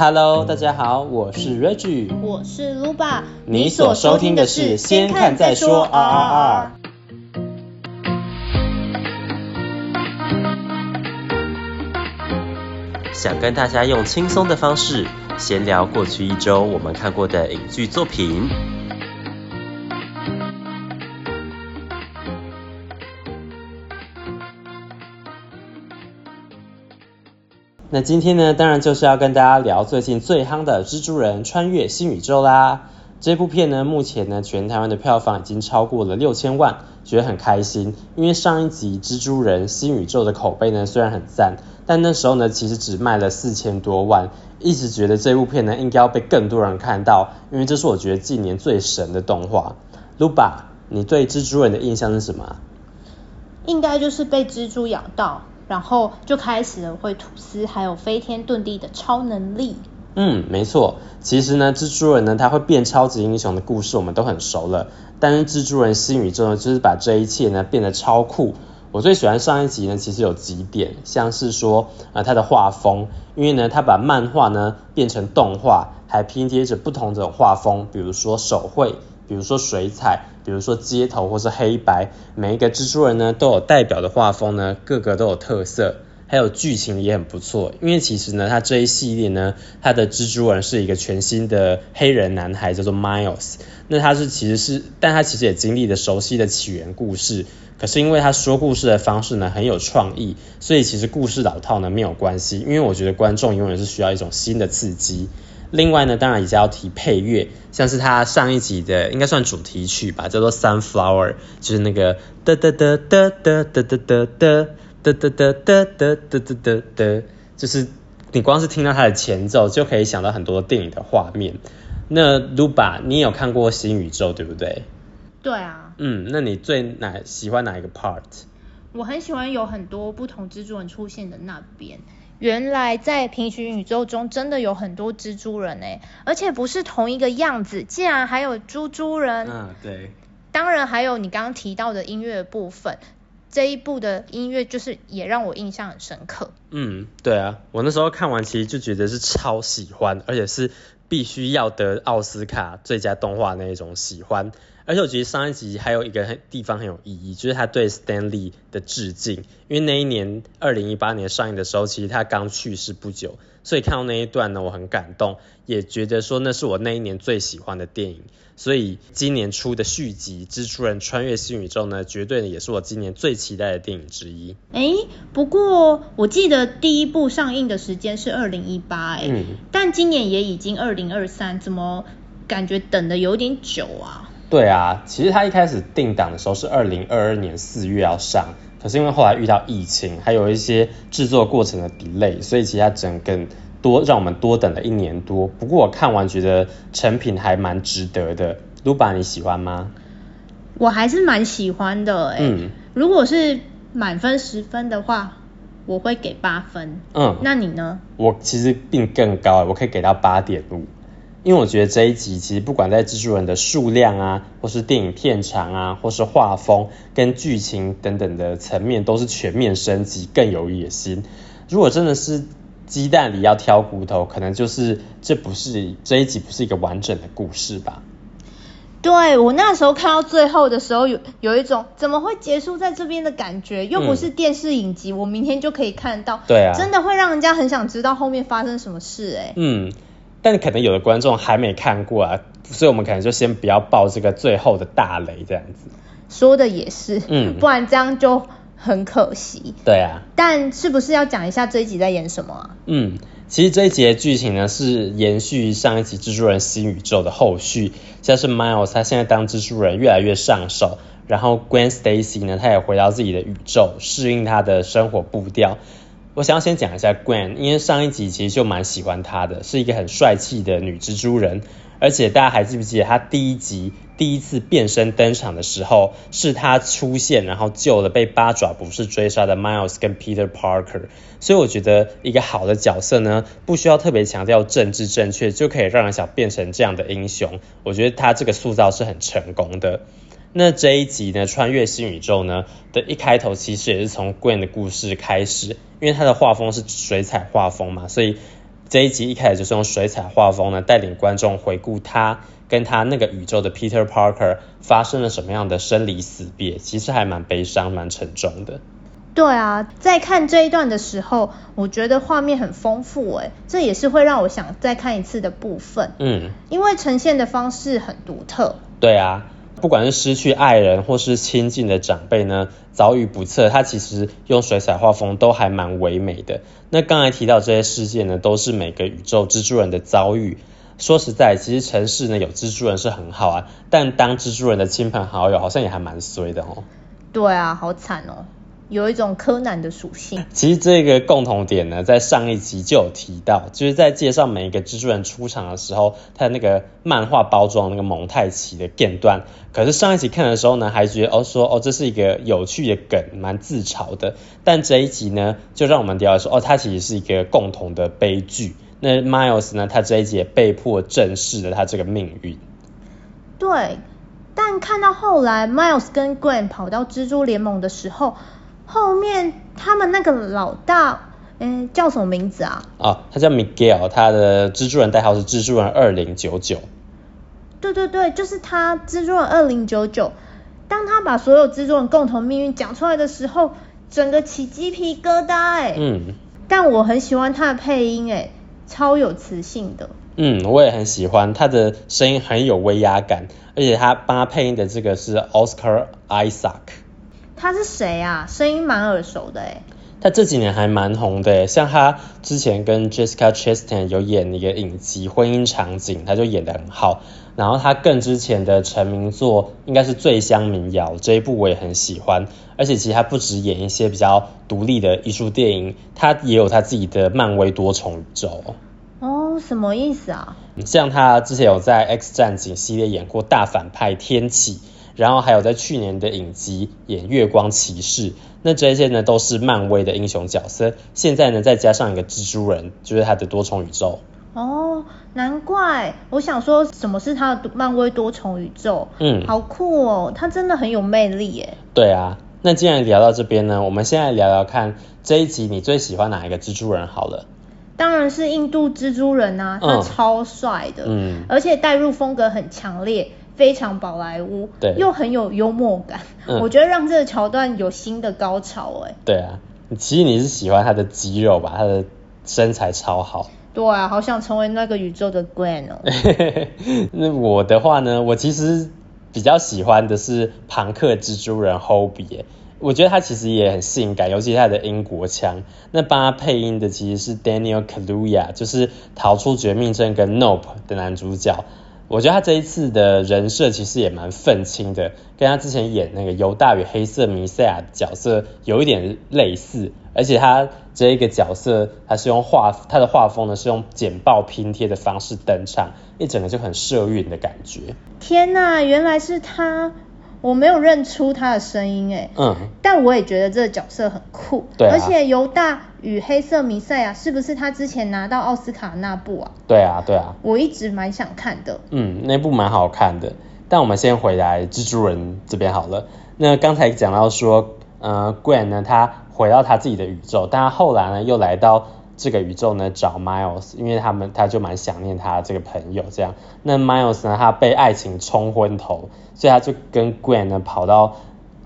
Hello，大家好，我是 Reggie，我是 Luba，你所收聽的是鮮看再說 RRR，想跟大家用輕鬆的方式閒聊過去一周我們看過的影劇作品。那今天呢，當然就是要跟大家聊最近最夯的《蜘蛛人穿越新宇宙》啦。這部片呢，目前呢，全台灣的票房已經超過了六千萬，覺得很開心。因為上一集《蜘蛛人新宇宙》的口碑呢，雖然很讚，但那時候呢，其實只賣了四千多萬。一直覺得這部片呢，應該要被更多人看到，因為這是我覺得近年最神的動畫。Luba，你對蜘蛛人的印象是什麼？應該就是被蜘蛛咬到。然後就開始了會吐絲，還有飛天遁地的超能力。嗯，沒錯。其實呢，蜘蛛人呢，他會變超級英雄的故事我們都很熟了。但是蜘蛛人新宇宙呢，就是把這一切呢變得超酷。我最喜歡上一集呢，其實有幾點，像是說啊，他、呃、的畫風，因為呢，他把漫畫呢變成動畫，還拼貼着不同的畫風，比如說手繪。比如說水彩，比如說街頭，或是黑白，每一個蜘蛛人呢都有代表的畫風呢，各個都有特色。還有劇情也很不錯，因為其實呢，它這一系列呢，它的蜘蛛人是一個全新的黑人男孩，叫做 Miles。那他是其實是，但他其實也經歷了熟悉的起源故事。可是因為他說故事的方式呢很有創意，所以其實故事老套呢沒有關係，因為我覺得觀眾永遠是需要一種新的刺激。另外呢，當然也要提配樂，像是他上一集的應該算主題曲吧，叫做《Sunflower》，就是那個噠噠噠噠噠噠噠噠噠噠噠噠噠噠噠噠噠噠，就是你光是聽到它的前奏，就可以想到很多電影的畫面。那 Luba，你有看過《新宇宙》對不對？對啊。嗯，那你最哪喜歡哪一個 part？我很喜歡有很多不同蜘蛛人出現的那邊。原來在平行宇宙中真的有很多蜘蛛人哎，而且不是同一個樣子，竟然還有豬豬人。嗯、啊，對。當然還有你剛剛提到的音樂部分，這一部的音樂就是也讓我印象很深刻。嗯，對啊，我那時候看完其實就覺得是超喜歡，而且是必須要得奧斯卡最佳動畫那一種喜歡。而且我覺得上一集還有一個很地方很有意義，就是他對 Stan Lee 的致敬，因為那一年二零一八年上映的時候，其實他剛去世不久，所以看到那一段呢，我很感動，也覺得說那是我那一年最喜歡的電影。所以今年出的續集《蜘蛛人：穿越新宇宙》呢，絕對也是我今年最期待的電影之一。哎、欸，不過我記得第一部上映的時間是二零一八，哎、嗯，但今年也已經二零二三，怎麼感覺等得有點久啊？對啊，其實它一開始定檔的時候是二零二二年四月要上，可是因為後來遇到疫情，還有一些制作過程的 delay，所以其實它整個多讓我們多等了一年多。不過我看完覺得成品還蠻值得的。Luba 你喜歡嗎？我還是蠻喜歡的耶、嗯、如果是滿分十分的話，我會給八分。嗯，那你呢？我其實並更高，我可以給到八點五。因為我覺得這一集其實不管在蜘蛛人的數量啊，或是電影片長啊，或是畫風跟劇情等等的層面，都是全面升級，更有野心。如果真的是雞蛋裡要挑骨頭，可能就是這不是這一集不是一個完整的故事吧？對，我那時候看到最後的時候，有有一種怎麼會結束在這邊的感覺，又不是電視影集，嗯，我明天就可以看到，對啊，真的會讓人家很想知道後面發生什麼事，欸，哎，嗯。但可能有的觀眾還沒看過啊，所以我們可能就先不要爆這個最後的大雷，這樣子。說的也是，嗯，不然這樣就很可惜。對啊，但是不是要講一下這一集在演什麼啊？嗯，其實這一集的劇情呢，是延續上一集《蜘蛛人：新宇宙》的後續，像是 Miles 他現在當蜘蛛人越來越上手，然後 Gwen Stacy 呢，他也回到自己的宇宙，適應他的生活步調。我想要先講一下 Gwen，因為上一集其實就蠻喜歡她的，是一個很帥氣的女蜘蛛人，而且大家還記不記得她第一集第一次變身登場的時候，是她出現然後救了被八爪博士追殺的 Miles 跟 Peter Parker，所以我覺得一個好的角色呢，不需要特別強調政治正確，就可以讓人想變成這樣的英雄，我覺得她這個塑造是很成功的。那這一集呢？穿越新宇宙呢，的一開頭其實也是從 Gwen 的故事開始，因為他的畫風是水彩畫風嘛，所以這一集一開始就是用水彩畫風呢，帶領觀眾回顧他跟他那個宇宙的 Peter Parker 發生了什麼樣的生離死別，其實還蠻悲傷、蠻沉重的。對啊，在看這一段的時候，我覺得畫面很豐富哎、欸，這也是會讓我想再看一次的部分。嗯，因為呈現的方式很獨特。對啊。不管是失去愛人或是親近的長輩呢，遭遇不測，他其實用水彩畫風都還蠻唯美的。那剛才提到這些事件呢，都是每個宇宙蜘蛛人的遭遇。說實在，其實城市呢，有蜘蛛人是很好啊，但當蜘蛛人的親朋好友好像也還蠻衰的哦。對啊，好慘哦。有一種柯南的屬性。其實這個共同點呢，在上一集就有提到，就是在介紹每一個蜘蛛人出場的時候，他那個漫畫包裝那個蒙太奇的片段。可是上一集看的時候呢，還覺得哦說哦這是一個有趣的梗，蠻自嘲的。但這一集呢，就讓我們了解說哦，他其實是一個共同的悲劇。那 Miles 呢，他這一集也被迫正視了他這個命運。對，但看到後來 Miles 跟 Gwen 跑到蜘蛛聯盟的時候。後面他們那個老大，嗯、欸，叫什麼名字啊？啊，他叫 Miguel，他的蜘蛛人代號是蜘蛛人二零九九。對對對，就是他蜘蛛人二零九九。當他把所有蜘蛛人共同命運講出來的時候，整個起雞皮疙瘩哎、欸。嗯。但我很喜歡他的配音哎、欸，超有磁性的。嗯，我也很喜歡他的聲音很有威壓感，而且他幫他配音的這個是 Oscar Isaac。他是誰啊？聲音蠻耳熟的哎。他這幾年還蠻紅的，像他之前跟 Jessica Chastain 有演一個影集婚姻場景，他就演得很好。然後他更之前的成名作應該是《醉鄉民謠》這一部，我也很喜歡。而且其實他不止演一些比較獨立的藝術電影，他也有他自己的漫威多重宇宙。哦，什麼意思啊？像他之前有在 X 戰警系列演過大反派天啟。然後還有在去年的影集演《月光騎士》，那這些呢都是漫威的英雄角色。現在呢再加上一個蜘蛛人，就是他的多重宇宙。哦，難怪！我想說什麼是他的漫威多重宇宙？嗯，好酷哦，他真的很有魅力耶。對啊，那既然聊到這邊呢，我們現在聊聊看這一集你最喜歡哪一個蜘蛛人好了。當然是印度蜘蛛人啊，他超帥的，嗯，而且帶入風格很強烈。非常寶萊塢，對，又很有幽默感，嗯、我覺得讓這個橋段有新的高潮，欸。哎，對啊，其實你是喜歡他的肌肉吧，他的身材超好。對啊，好想成為那個宇宙的 Gwen。那我的話呢，我其實比較喜歡的是龐克蜘蛛人 Hobie，欸、我覺得他其實也很性感，尤其他的英國腔。那幫他配音的其實是 Daniel Kaluuya，就是逃出絕命鎮跟 Nope 的男主角。我覺得他這一次的人設其實也蠻憤青的，跟他之前演那個猶大與黑色彌賽亞角色有一點類似，而且他這一個角色，他是用畫，他的畫風呢是用剪報拼貼的方式登場，一整個就很社運的感覺。天哪，原來是他！我沒有認出他的聲音哎，嗯，但我也覺得這個角色很酷，對、啊，而且猶大與黑色彌賽亞是不是他之前拿到奧斯卡那部啊？對啊，對啊，我一直蠻想看的，嗯，那部蠻好看的，但我們先回來蜘蛛人這邊好了。那剛才講到說，嗯、呃、Gwen 呢，他回到他自己的宇宙，但他後來呢又來到。這個宇宙呢找 Miles，因為他們他就蠻想念他這個朋友這樣。那 Miles 呢他被愛情沖昏頭，所以他就跟 Gwen 呢跑到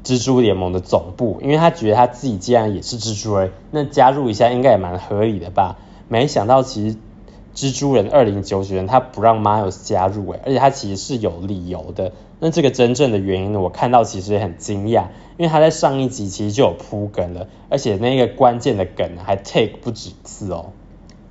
蜘蛛聯盟的總部，因為他覺得他自己既然也是蜘蛛人，那加入一下應該也蠻合理的吧。沒想到其實。蜘蛛人二零九九年，他不讓馬 i 加入，欸，而且他其實是有理由的。那這個真正的原因呢，我看到其實也很驚訝，因為他在上一集其實就有鋪梗了，而且那個關鍵的梗還 take 不止次哦，喔。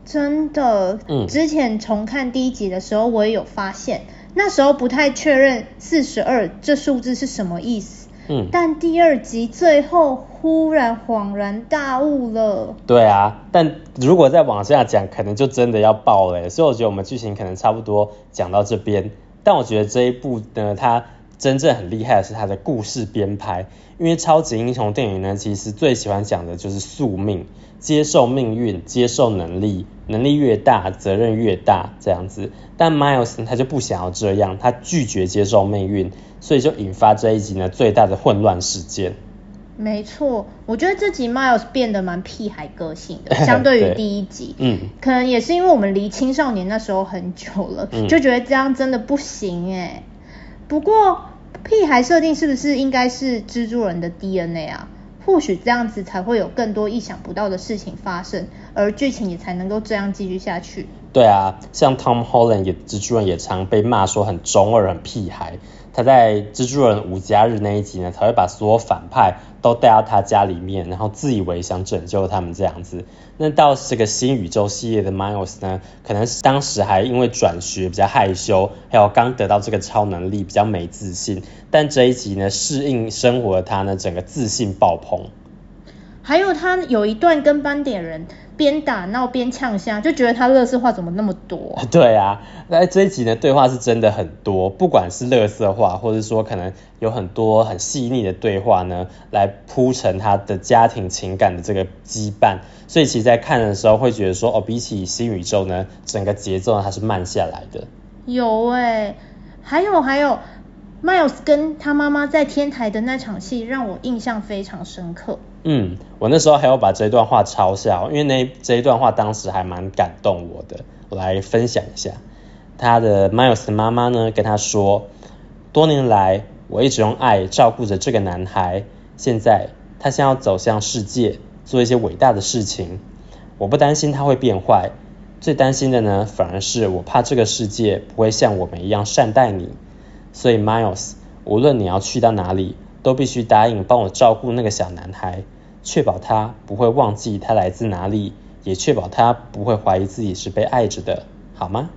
真的，嗯，之前重看第一集的時候，我也有發現，那時候不太確認四十二這數字是什麼意思。嗯，但第二集最後忽然恍然大悟了、嗯。對啊，但如果再往下講，可能就真的要爆了。所以我覺得我們劇情可能差不多講到這邊。但我覺得這一部呢，它真正很厲害的是它的故事編排。因為超級英雄電影呢，其實最喜歡講的就是宿命、接受命運、接受能力，能力越大責任越大這樣子。但 Miles 他就不想要這樣，他拒絕接受命運。所以就引發這一集呢最大的混亂事件。沒錯，我覺得這集 Miles 變得蠻屁孩個性的，相對於第一集， 嗯，可能也是因為我們離青少年那時候很久了，就覺得這樣真的不行哎。嗯、不過屁孩設定是不是應該是蜘蛛人的 DNA 啊？或許這樣子才會有更多意想不到的事情發生，而劇情也才能夠這樣繼續下去。對啊，像 Tom Holland 也蜘蛛人也常被罵說很中二、很屁孩。他在蜘蛛人無家日那一集呢，才會把所有反派都帶到他家裡面，然後自以為想拯救他們這樣子。那到這個新宇宙系列的 Miles 呢，可能當時還因為轉學比較害羞，還有剛得到這個超能力比較沒自信。但這一集呢，適應生活的他呢，整個自信爆棚。還有他有一段跟斑點人邊打鬧邊嗆聲，就覺得他垃圾話怎麼那麼多，啊？ 對啊，來這一集的對話是真的很多，不管是垃圾話，或者說可能有很多很細膩的對話呢，來鋪陳他的家庭情感的這個羈絆。所以其實，在看的時候會覺得說，哦，比起新宇宙呢，整個節奏還是慢下來的。有哎、欸，還有還有，Miles 跟他媽媽在天台的那場戲讓我印象非常深刻。嗯，我那時候還要把這段話抄下，因為那這一段話當時還蠻感動我的，我來分享一下。他的 Miles 的媽媽呢跟他說，多年來我一直用愛照顧着這個男孩，現在他想要走向世界，做一些偉大的事情。我不擔心他會變壞，最擔心的呢，反而是我怕這個世界不會像我們一樣善待你。所以 Miles，無論你要去到哪裡。都必須答應幫我照顧那個小男孩，確保他不會忘記他來自哪裡，也確保他不會懷疑自己是被愛着的，好嗎？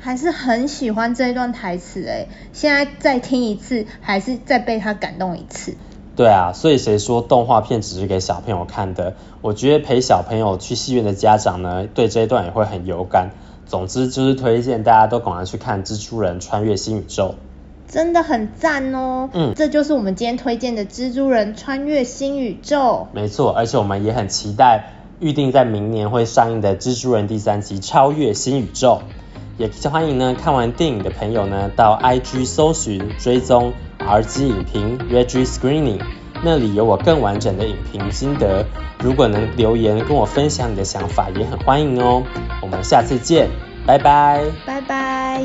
還是很喜歡這一段台詞誒。現在再聽一次，還是再被他感動一次。對啊，所以誰說動畫片只是給小朋友看的？我覺得陪小朋友去戲院的家長呢，對這一段也會很有感。總之就是推薦大家都趕快去看《蜘蛛人：穿越新宇宙》。真的很讚哦，嗯，這就是我們今天推薦的《蜘蛛人穿越新宇宙》。沒錯，而且我們也很期待預定在明年會上映的《蜘蛛人第三集超越新宇宙》。也歡迎呢看完電影的朋友呢到 IG 搜尋追蹤 RG 影評 Reggie Screening，那裡有我更完整的影評心得。如果能留言跟我分享你的想法，也很歡迎哦。我們下次見，拜拜，拜拜。